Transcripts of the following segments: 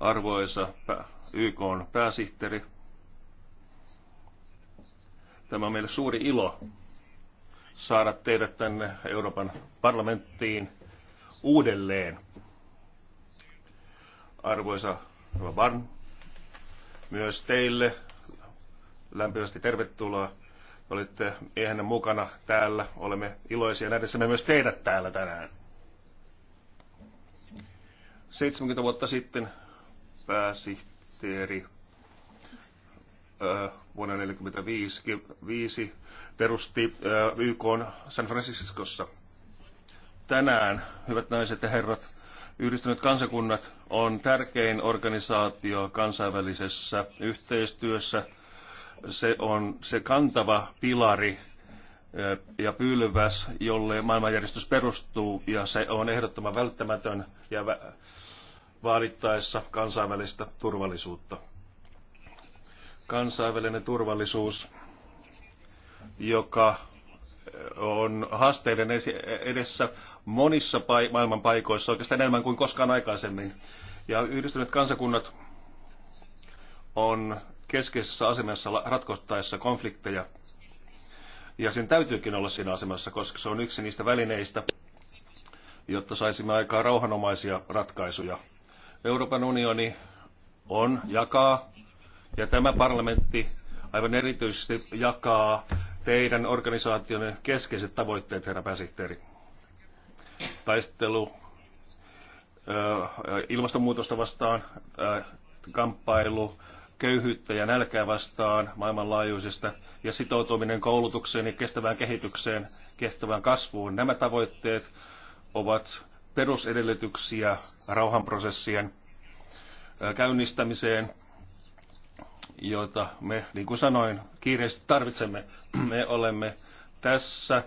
Arvoisa YK on pääsihteeri, tämä on meille suuri ilo saada teidät tänne Euroopan parlamenttiin uudelleen. Arvoisa Van, myös teille lämpimästi tervetuloa. Olette miehenne mukana täällä. Olemme iloisia nähdessämme myös teidät täällä tänään. 70 vuotta sitten pääsihteeri vuonna 1945 perusti YK San Franciscossa. Tänään, hyvät naiset ja herrat, Yhdistyneet kansakunnat on tärkein organisaatio kansainvälisessä yhteistyössä. Se on se kantava pilari ja pylväs, jolle maailmanjärjestys perustuu, ja se on ehdottoman välttämätön ja vaadittaessa kansainvälistä turvallisuutta. Kansainvälinen turvallisuus, joka on haasteiden edessä monissa maailman paikoissa, oikeastaan enemmän kuin koskaan aikaisemmin. Ja yhdistyneet kansakunnat on keskeisessä asemassa ratkottaessa konflikteja. Ja sen täytyykin olla siinä asemassa, koska se on yksi niistä välineistä, jotta saisimme aikaa rauhanomaisia ratkaisuja Euroopan unioni on, jakaa, ja tämä parlamentti aivan erityisesti jakaa teidän organisaationne keskeiset tavoitteet, herra pääsihteeri. Taistelu ilmastonmuutosta vastaan, kamppailu köyhyyttä ja nälkää vastaan maailmanlaajuisesta ja sitoutuminen koulutukseen ja kestävään kehitykseen, kestävään kasvuun. Nämä tavoitteet ovat perusedellytyksiä rauhanprosessien käynnistämiseen, joita me, niin kuin sanoin, kiireesti tarvitsemme. Me olemme tässä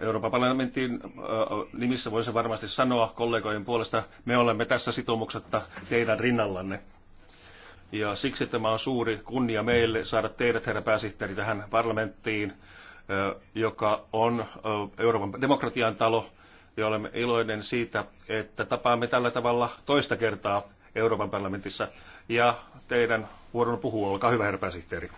Euroopan parlamentin nimissä voisi varmasti sanoa kollegojen puolesta, me olemme tässä sitoumuksetta teidän rinnallanne. Ja siksi tämä on suuri kunnia meille saada teidät, herra pääsihteeri, tähän parlamenttiin, joka on Euroopan demokratian talo ja olemme iloinen siitä, että tapaamme tällä tavalla toista kertaa Euroopan parlamentissa. Ja teidän vuoron puhua, olkaa hyvä herra pääsihteeri.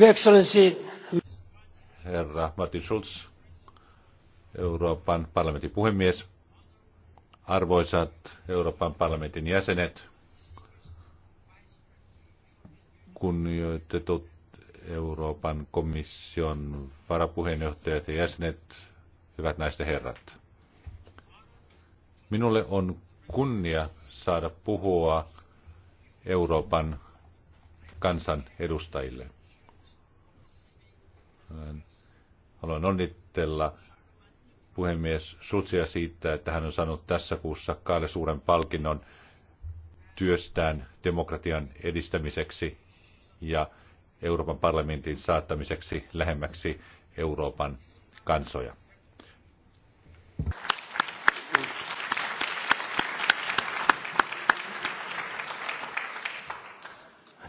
Your Excellency. Herra Martin Schulz, Euroopan parlamentin puhemies, arvoisat Euroopan parlamentin jäsenet, kunnioitetut Euroopan komission varapuheenjohtajat ja jäsenet, hyvät naiset ja herrat. Minulle on kunnia saada puhua Euroopan kansan edustajille. Haluan onnitella puhemies Sutsia siitä, että hän on saanut tässä kuussa kahden suuren palkinnon työstään demokratian edistämiseksi ja Euroopan parlamentin saattamiseksi lähemmäksi Euroopan kansoja.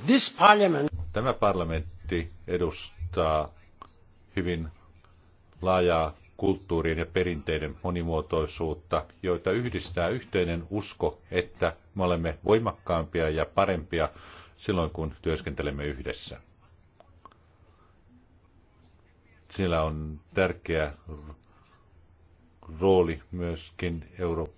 This parliament. Tämä parlamentti edustaa hyvin laajaa kulttuurien ja perinteiden monimuotoisuutta, joita yhdistää yhteinen usko, että me olemme voimakkaampia ja parempia silloin, kun työskentelemme yhdessä. Sillä on tärkeä rooli myöskin Euro-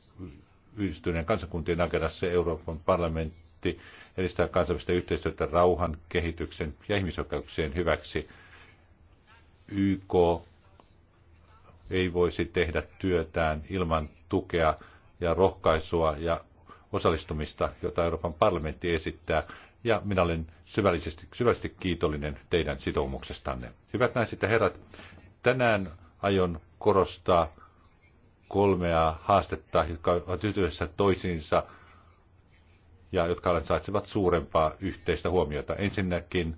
yhdistyneen kansakuntien agendassa Euroopan parlamentti edistää kansainvälistä yhteistyötä rauhan, kehityksen ja ihmisoikeuksien hyväksi – YK ei voisi tehdä työtään ilman tukea ja rohkaisua ja osallistumista, jota Euroopan parlamentti esittää. Ja minä olen syvällisesti, syvällisesti kiitollinen teidän sitoumuksestanne. Hyvät naiset ja herrat, tänään aion korostaa kolmea haastetta, jotka ovat yhdessä toisiinsa ja jotka ansaitsevat suurempaa yhteistä huomiota. Ensinnäkin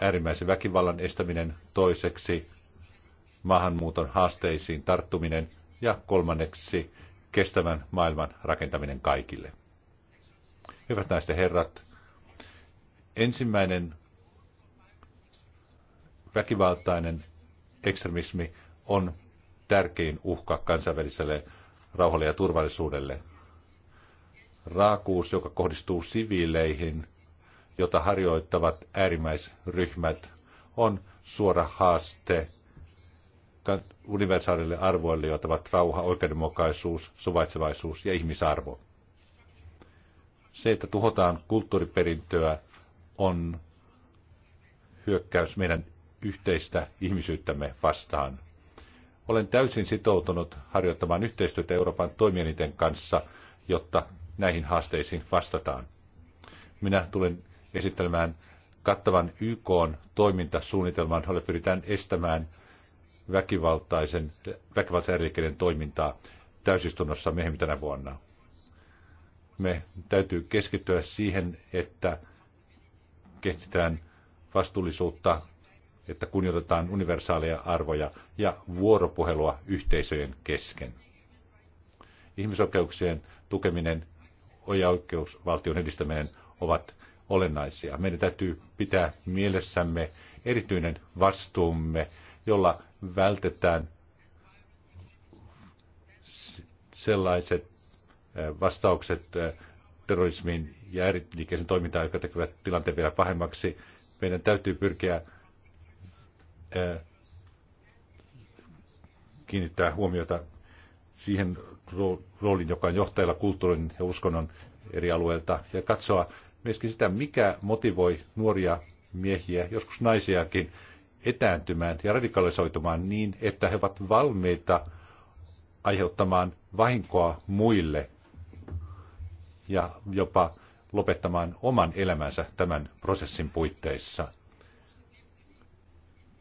äärimmäisen väkivallan estäminen, toiseksi maahanmuuton haasteisiin tarttuminen ja kolmanneksi kestävän maailman rakentaminen kaikille. Hyvät naiset ja herrat, ensimmäinen väkivaltainen ekstremismi on tärkein uhka kansainväliselle rauhalle ja turvallisuudelle. Raakuus, joka kohdistuu siviileihin, jota harjoittavat äärimmäisryhmät, on suora haaste universaalille arvoille, joita ovat rauha, oikeudenmukaisuus, suvaitsevaisuus ja ihmisarvo. Se, että tuhotaan kulttuuriperintöä, on hyökkäys meidän yhteistä ihmisyyttämme vastaan. Olen täysin sitoutunut harjoittamaan yhteistyötä Euroopan toimielinten kanssa, jotta näihin haasteisiin vastataan. Minä tulen esittelemään kattavan YK toimintasuunnitelman, jolla pyritään estämään väkivaltaisen, väkivaltaisen toimintaa täysistunnossa myöhemmin tänä vuonna. Me täytyy keskittyä siihen, että kehitetään vastuullisuutta, että kunnioitetaan universaaleja arvoja ja vuoropuhelua yhteisöjen kesken. Ihmisoikeuksien tukeminen ja oikeusvaltion edistäminen ovat olennaisia. Meidän täytyy pitää mielessämme erityinen vastuumme, jolla vältetään sellaiset vastaukset terrorismiin ja ääriliikkeisen toimintaan, jotka tekevät tilanteen vielä pahemmaksi. Meidän täytyy pyrkiä kiinnittää huomiota siihen rooliin, joka on johtajilla kulttuurin ja uskonnon eri alueilta, ja katsoa, myöskin sitä, mikä motivoi nuoria miehiä, joskus naisiakin, etääntymään ja radikalisoitumaan niin, että he ovat valmiita aiheuttamaan vahinkoa muille ja jopa lopettamaan oman elämänsä tämän prosessin puitteissa.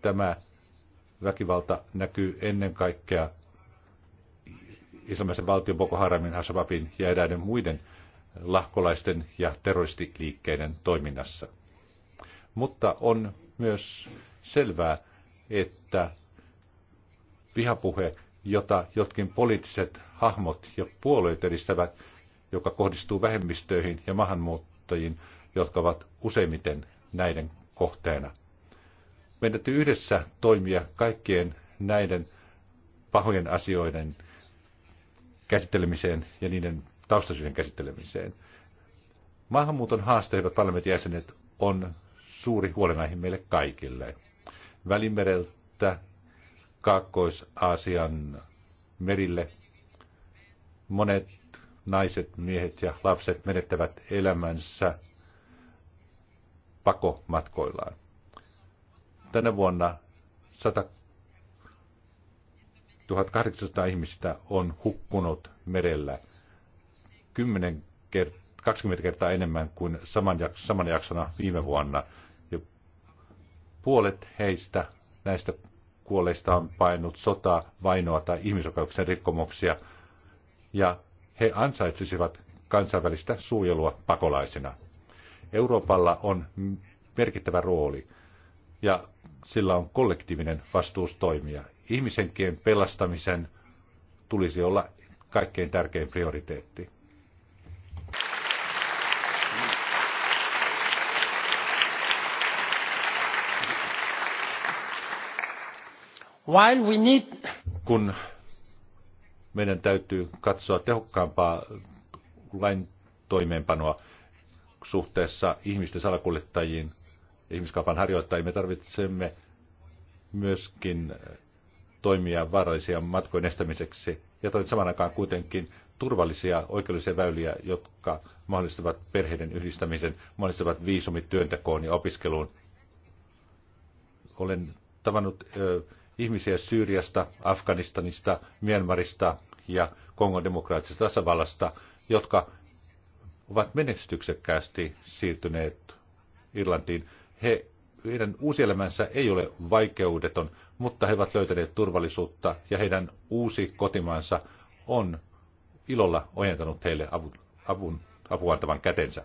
Tämä väkivalta näkyy ennen kaikkea islamisen valtion Boko Haramin, Hashababin ja eräiden muiden lahkolaisten ja terroristiliikkeiden toiminnassa. Mutta on myös selvää, että vihapuhe, jota jotkin poliittiset hahmot ja puolueet edistävät, joka kohdistuu vähemmistöihin ja maahanmuuttajiin, jotka ovat useimmiten näiden kohteena. Meidän täytyy yhdessä toimia kaikkien näiden pahojen asioiden käsittelemiseen ja niiden taustasyyden käsittelemiseen. Maahanmuuton haaste, hyvät parlamentin jäsenet, on suuri huolenaihe meille kaikille. Välimereltä Kaakkois-Aasian merille monet naiset, miehet ja lapset menettävät elämänsä pakomatkoillaan. Tänä vuonna 100 1800 ihmistä on hukkunut merellä 10 kert- 20 kertaa enemmän kuin saman, jak- saman jaksona viime vuonna. Ja puolet heistä näistä kuolleista on painut sota, vainoa tai ihmisoikeuksien rikkomuksia, ja he ansaitsisivat kansainvälistä suojelua pakolaisina. Euroopalla on merkittävä rooli, ja sillä on kollektiivinen vastuus toimia. Ihmisenkien pelastamisen tulisi olla kaikkein tärkein prioriteetti. Kun meidän täytyy katsoa tehokkaampaa lain toimeenpanoa suhteessa ihmisten salakuljettajiin, ihmiskaupan harjoittajiin, me tarvitsemme myöskin toimia vaarallisia matkojen estämiseksi ja saman aikaan kuitenkin turvallisia oikeudellisia väyliä, jotka mahdollistavat perheiden yhdistämisen, mahdollistavat viisumit työntekoon ja opiskeluun. Olen tavannut ihmisiä Syyriasta, Afganistanista, Myanmarista ja Kongon demokraattisesta tasavallasta, jotka ovat menestyksekkäästi siirtyneet Irlantiin. He, heidän uusi elämänsä ei ole vaikeudeton, mutta he ovat löytäneet turvallisuutta ja heidän uusi kotimaansa on ilolla ojentanut heille avun, avun, apuantavan kätensä.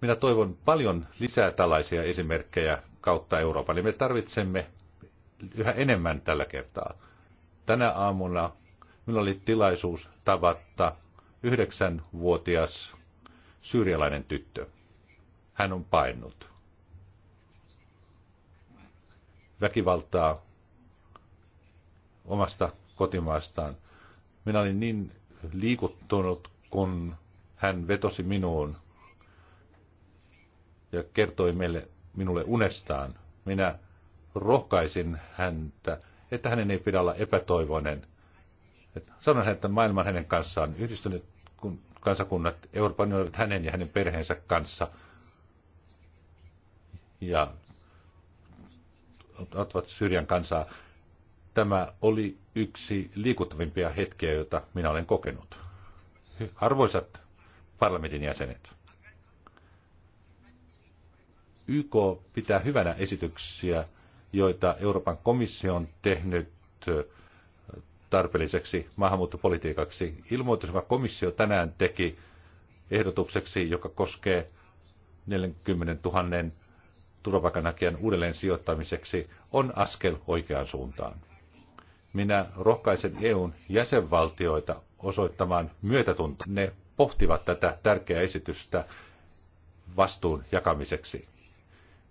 Minä toivon paljon lisää tällaisia esimerkkejä kautta Euroopan. Eli me tarvitsemme yhä enemmän tällä kertaa. Tänä aamuna minulla oli tilaisuus tavatta yhdeksänvuotias syyrialainen tyttö. Hän on painut. Väkivaltaa omasta kotimaastaan. Minä olin niin liikuttunut, kun hän vetosi minuun ja kertoi meille, minulle unestaan. Minä rohkaisin häntä, että hänen ei pidä olla epätoivoinen. Sanon häntä, että maailma hänen kanssaan yhdistynyt, kun kansakunnat Euroopan olivat hänen ja hänen perheensä kanssa. Ja ottavat Syyrian kansaa. Tämä oli yksi liikuttavimpia hetkiä, joita minä olen kokenut. Arvoisat parlamentin jäsenet, YK pitää hyvänä esityksiä joita Euroopan komissio on tehnyt äh, tarpeelliseksi maahanmuuttopolitiikaksi. Ilmoitus, jonka komissio tänään teki ehdotukseksi, joka koskee 40 000 turvapaikanhakijan uudelleen sijoittamiseksi, on askel oikeaan suuntaan. Minä rohkaisen EUn jäsenvaltioita osoittamaan myötätuntoa. Ne pohtivat tätä tärkeää esitystä vastuun jakamiseksi.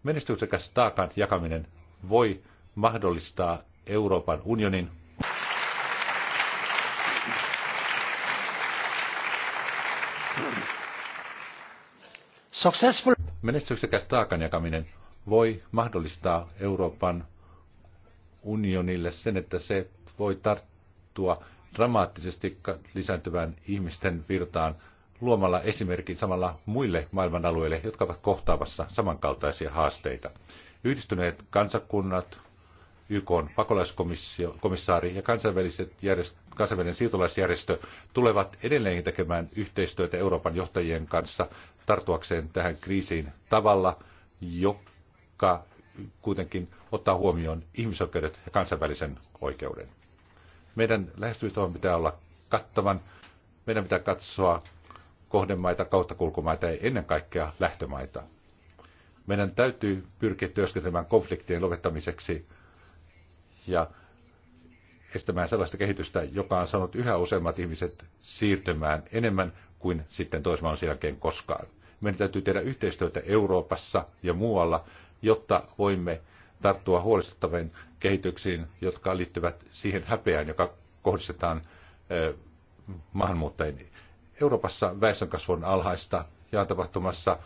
Menestyksekäs taakan jakaminen voi mahdollistaa Euroopan unionin Successful. Menestyksekäs taakanjakaminen voi mahdollistaa Euroopan unionille sen, että se voi tarttua dramaattisesti lisääntyvään ihmisten virtaan luomalla esimerkin samalla muille maailman alueille, jotka ovat kohtaavassa samankaltaisia haasteita. Yhdistyneet kansakunnat, YK on pakolaiskomissaari ja kansainväliset järjest, kansainvälinen siirtolaisjärjestö tulevat edelleen tekemään yhteistyötä Euroopan johtajien kanssa tartuakseen tähän kriisiin tavalla, joka kuitenkin ottaa huomioon ihmisoikeudet ja kansainvälisen oikeuden. Meidän lähestymistavan pitää olla kattavan. Meidän pitää katsoa kohdemaita, kulkumaita ja ennen kaikkea lähtömaita. Meidän täytyy pyrkiä työskentelemään konfliktien lopettamiseksi ja estämään sellaista kehitystä, joka on saanut yhä useammat ihmiset siirtymään enemmän kuin sitten toisen jälkeen koskaan. Meidän täytyy tehdä yhteistyötä Euroopassa ja muualla, jotta voimme tarttua huolestuttaviin kehityksiin, jotka liittyvät siihen häpeään, joka kohdistetaan maahanmuuttajien. Euroopassa väestönkasvu on alhaista ja on tapahtumassa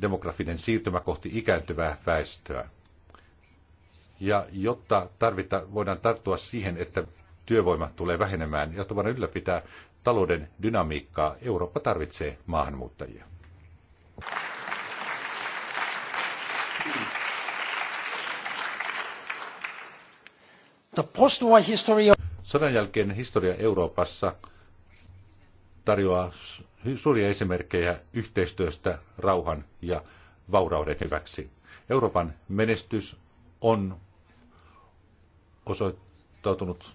demografinen siirtymä kohti ikääntyvää väestöä. Ja jotta tarvita, voidaan tarttua siihen, että työvoima tulee vähenemään, jotta voidaan ylläpitää talouden dynamiikkaa, Eurooppa tarvitsee maahanmuuttajia. Sodan jälkeen historia Euroopassa tarjoaa suuria esimerkkejä yhteistyöstä rauhan ja vaurauden hyväksi. Euroopan menestys on osoittautunut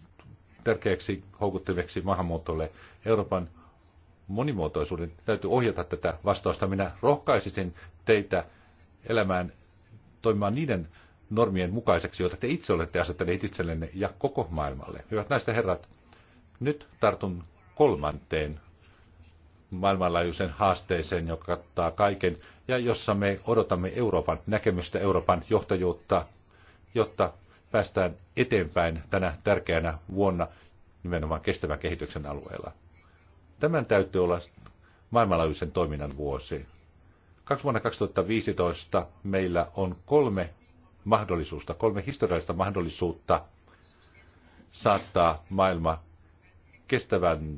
tärkeäksi houkuttimeksi maahanmuutolle. Euroopan monimuotoisuuden täytyy ohjata tätä vastausta. Minä rohkaisisin teitä elämään, toimimaan niiden normien mukaiseksi, joita te itse olette asettaneet itsellenne ja koko maailmalle. Hyvät naiset ja herrat, nyt tartun kolmanteen maailmanlaajuisen haasteeseen, joka kattaa kaiken, ja jossa me odotamme Euroopan näkemystä, Euroopan johtajuutta, jotta päästään eteenpäin tänä tärkeänä vuonna nimenomaan kestävän kehityksen alueella. Tämän täytyy olla maailmanlaajuisen toiminnan vuosi. Kaksi vuonna 2015 meillä on kolme mahdollisuutta, kolme historiallista mahdollisuutta saattaa maailma kestävän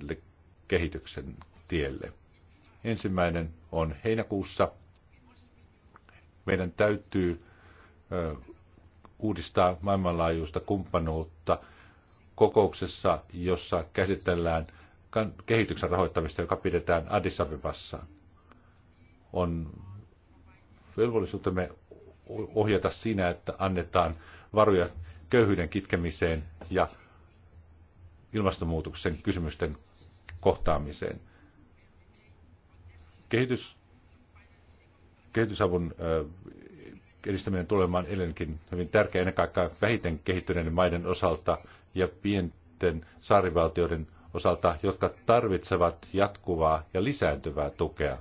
kehityksen tielle. Ensimmäinen on heinäkuussa. Meidän täytyy uudistaa maailmanlaajuista kumppanuutta kokouksessa, jossa käsitellään kehityksen rahoittamista, joka pidetään Addis Abebassa. On velvollisuutemme ohjata siinä, että annetaan varoja köyhyyden kitkemiseen ja ilmastonmuutoksen kysymysten kohtaamiseen. Kehitys, kehitysavun edistäminen tulemaan edelleenkin hyvin tärkeä ennen kaikkea vähiten kehittyneiden maiden osalta ja pienten saarivaltioiden osalta, jotka tarvitsevat jatkuvaa ja lisääntyvää tukea.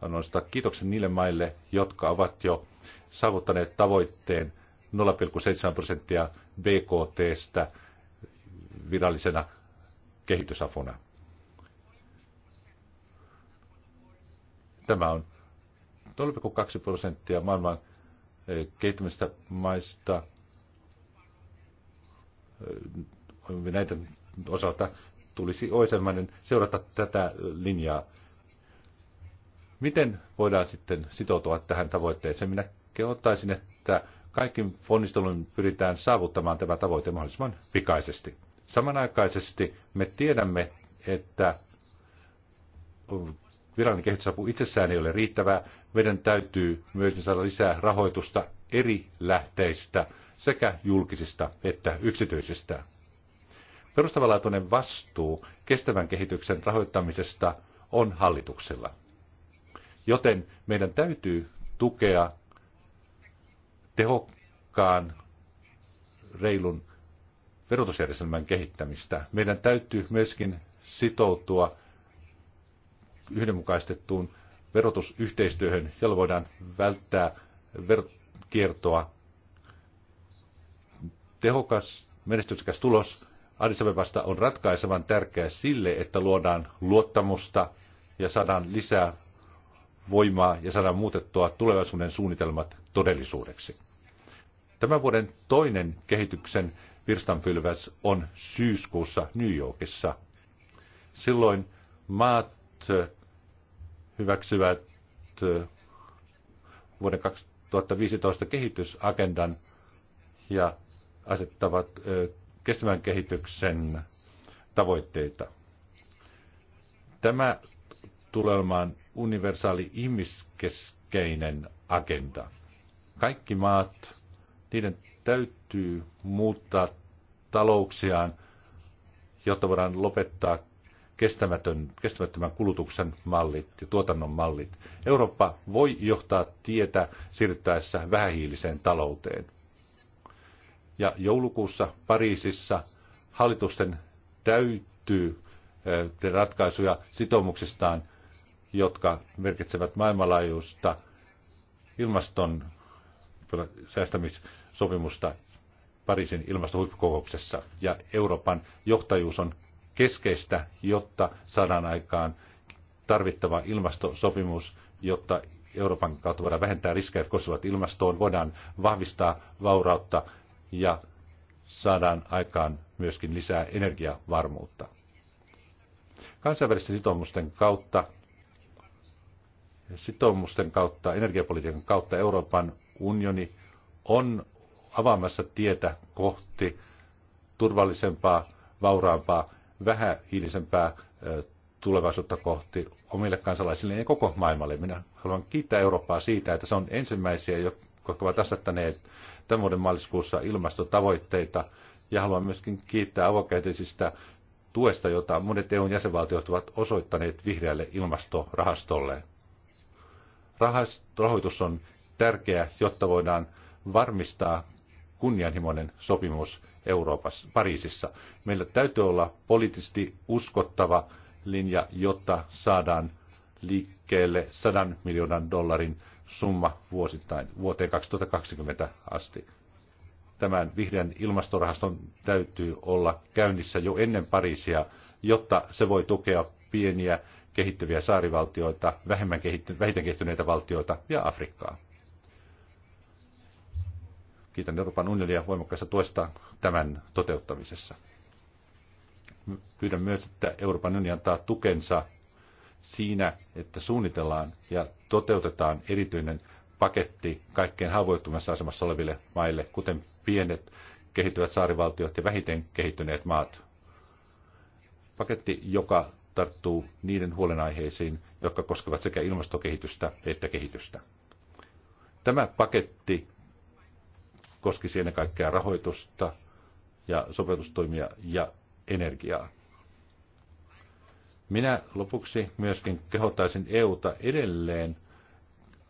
Haluan nostaa kiitoksen niille maille, jotka ovat jo saavuttaneet tavoitteen 0,7 prosenttia BKTstä virallisena kehitysapuna. Tämä on 0,2 prosenttia maailman eh, kehittymistä maista eh, näitä osalta tulisi oisemmainen seurata tätä linjaa. Miten voidaan sitten sitoutua tähän tavoitteeseen? Minä kehottaisin, että kaikki ponnistelun pyritään saavuttamaan tämä tavoite mahdollisimman pikaisesti. Samanaikaisesti me tiedämme, että virallinen kehitysapu itsessään ei ole riittävää. Meidän täytyy myös saada lisää rahoitusta eri lähteistä, sekä julkisista että yksityisistä. Perustavanlaatuinen vastuu kestävän kehityksen rahoittamisesta on hallituksella. Joten meidän täytyy tukea tehokkaan, reilun verotusjärjestelmän kehittämistä. Meidän täytyy myöskin sitoutua yhdenmukaistettuun verotusyhteistyöhön, jolla voidaan välttää verokiertoa. Tehokas, menestyksekäs tulos Addis Abebasta on ratkaisevan tärkeä sille, että luodaan luottamusta ja saadaan lisää voimaa ja saadaan muutettua tulevaisuuden suunnitelmat todellisuudeksi. Tämän vuoden toinen kehityksen virstanpylväs on syyskuussa New Yorkissa. Silloin maat hyväksyvät äh, vuoden 2015 kehitysagendan ja asettavat äh, kestävän kehityksen tavoitteita. Tämä tulee olemaan universaali ihmiskeskeinen agenda. Kaikki maat, niiden täytyy muuttaa talouksiaan, jotta voidaan lopettaa kestämätön, kestämättömän kulutuksen mallit ja tuotannon mallit. Eurooppa voi johtaa tietä siirryttäessä vähähiiliseen talouteen. Ja joulukuussa Pariisissa hallitusten täytyy ratkaisuja sitoumuksistaan, jotka merkitsevät maailmanlaajuista ilmaston säästämissopimusta Pariisin ilmastohuippukokouksessa. Ja Euroopan johtajuus on keskeistä, jotta saadaan aikaan tarvittava ilmastosopimus, jotta Euroopan kautta voidaan vähentää riskejä, jotka koskevat ilmastoon, voidaan vahvistaa vaurautta ja saadaan aikaan myöskin lisää energiavarmuutta. Kansainvälisten sitoumusten kautta, sitoumusten kautta, energiapolitiikan kautta Euroopan unioni on avaamassa tietä kohti turvallisempaa, vauraampaa vähähiilisempää tulevaisuutta kohti omille kansalaisille ja koko maailmalle. Minä haluan kiittää Eurooppaa siitä, että se on ensimmäisiä, jotka ovat asettaneet tämän vuoden maaliskuussa ilmastotavoitteita. Ja haluan myöskin kiittää avokätisistä tuesta, jota monet EUn jäsenvaltiot ovat osoittaneet vihreälle ilmastorahastolle. Rahoitus on tärkeä, jotta voidaan varmistaa kunnianhimoinen sopimus Euroopassa, Pariisissa. Meillä täytyy olla poliittisesti uskottava linja, jotta saadaan liikkeelle 100 miljoonan dollarin summa vuosittain vuoteen 2020 asti. Tämän vihreän ilmastorahaston täytyy olla käynnissä jo ennen Pariisia, jotta se voi tukea pieniä kehittyviä saarivaltioita, vähemmän kehitty, vähiten kehittyneitä valtioita ja Afrikkaa. Kiitän Euroopan unionia voimakkaasta tuesta tämän toteuttamisessa. Pyydän myös, että Euroopan unioni antaa tukensa siinä, että suunnitellaan ja toteutetaan erityinen paketti kaikkein haavoittumassa asemassa oleville maille, kuten pienet kehittyvät saarivaltiot ja vähiten kehittyneet maat. Paketti, joka tarttuu niiden huolenaiheisiin, jotka koskevat sekä ilmastokehitystä että kehitystä. Tämä paketti koskisi ennen kaikkea rahoitusta, ja sopeutustoimia ja energiaa. Minä lopuksi myöskin kehottaisin EUta edelleen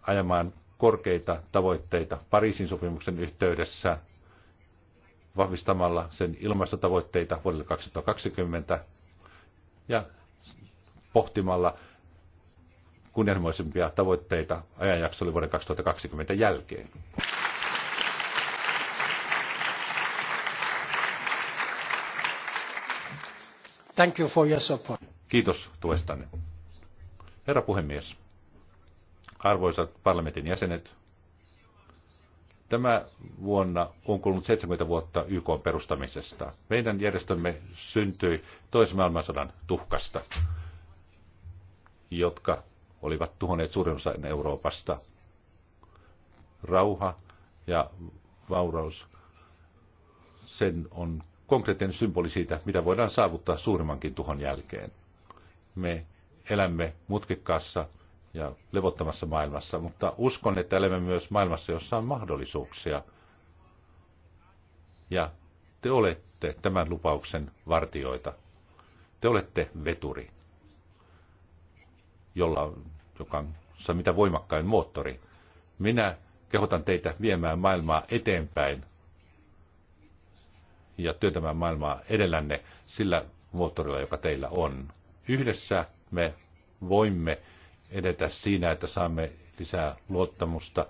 ajamaan korkeita tavoitteita Pariisin sopimuksen yhteydessä vahvistamalla sen ilmastotavoitteita vuodelle 2020 ja pohtimalla kunnianhimoisempia tavoitteita ajanjaksolle vuoden 2020 jälkeen. Thank you for your support. Kiitos tuestanne. Herra puhemies, arvoisat parlamentin jäsenet, Tämä vuonna on kulunut 70 vuotta YK perustamisesta. Meidän järjestömme syntyi toisen maailmansodan tuhkasta, jotka olivat tuhonneet suurin osan Euroopasta. Rauha ja vauraus, sen on konkreettinen symboli siitä, mitä voidaan saavuttaa suurimmankin tuhon jälkeen. Me elämme mutkikkaassa ja levottomassa maailmassa, mutta uskon, että elämme myös maailmassa, jossa on mahdollisuuksia. Ja te olette tämän lupauksen vartioita. Te olette veturi, jolla, joka on mitä voimakkain moottori. Minä kehotan teitä viemään maailmaa eteenpäin ja työntämään maailmaa edellänne sillä moottorilla, joka teillä on. Yhdessä me voimme edetä siinä, että saamme lisää luottamusta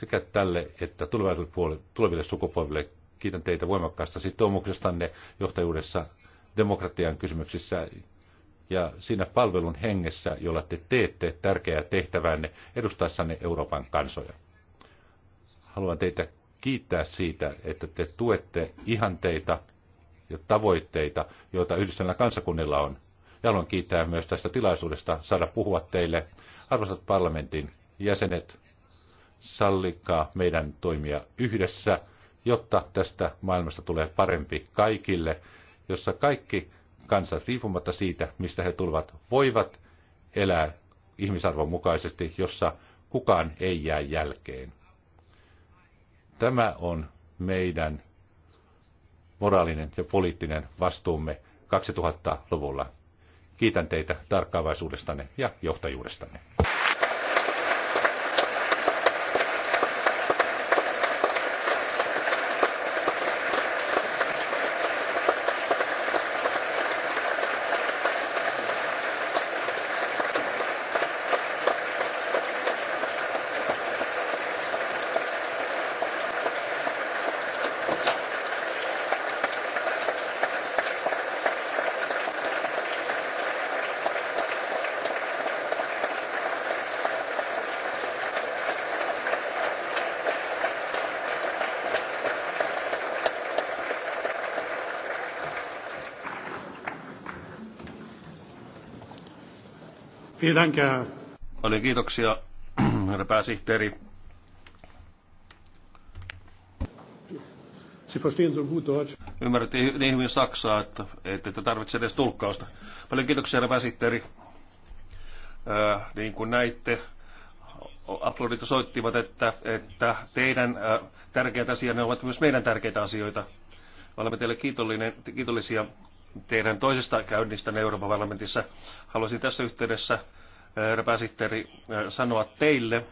sekä tälle että tuleville sukupolville. Kiitän teitä voimakkaasta sitoumuksestanne johtajuudessa demokratian kysymyksissä ja siinä palvelun hengessä, jolla te teette tärkeää tehtävänne edustaessanne Euroopan kansoja. Haluan teitä kiittää siitä, että te tuette ihanteita ja tavoitteita, joita yhdistyneillä kansakunnilla on. Ja haluan kiittää myös tästä tilaisuudesta saada puhua teille. Arvoisat parlamentin jäsenet, sallikaa meidän toimia yhdessä, jotta tästä maailmasta tulee parempi kaikille, jossa kaikki kansat, riippumatta siitä, mistä he tulevat, voivat elää ihmisarvon mukaisesti, jossa kukaan ei jää jälkeen. Tämä on meidän moraalinen ja poliittinen vastuumme 2000-luvulla. Kiitän teitä tarkkaavaisuudestanne ja johtajuudestanne. Oli kiitoksia, herra pääsihteeri. Sie niin hyvin saksaa, että ette tarvitse edes tulkkausta. Paljon kiitoksia, herra pääsihteeri. Äh, niin kuin näitte, aplodit soittivat, että, että teidän äh, tärkeät asianne ovat myös meidän tärkeitä asioita. Olemme teille kiitollinen, kiitollisia teidän toisesta käynnistä Euroopan parlamentissa. Haluaisin tässä yhteydessä, eh, herra pääsihteeri, eh, sanoa teille,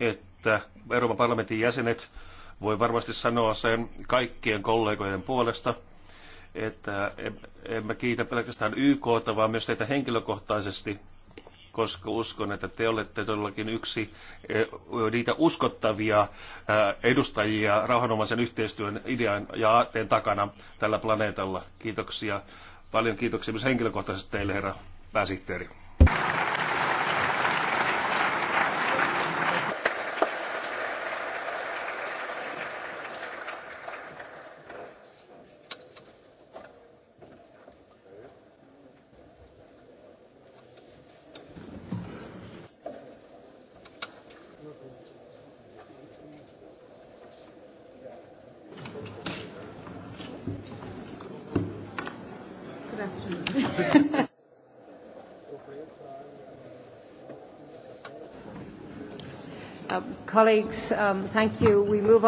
että Euroopan parlamentin jäsenet voi varmasti sanoa sen kaikkien kollegojen puolesta, että emme kiitä pelkästään YKta, vaan myös teitä henkilökohtaisesti koska uskon, että te olette todellakin yksi eh, niitä uskottavia eh, edustajia rauhanomaisen yhteistyön idean ja aatteen takana tällä planeetalla. Kiitoksia. Paljon kiitoksia myös henkilökohtaisesti teille, herra pääsihteeri. colleagues, um, thank you. We move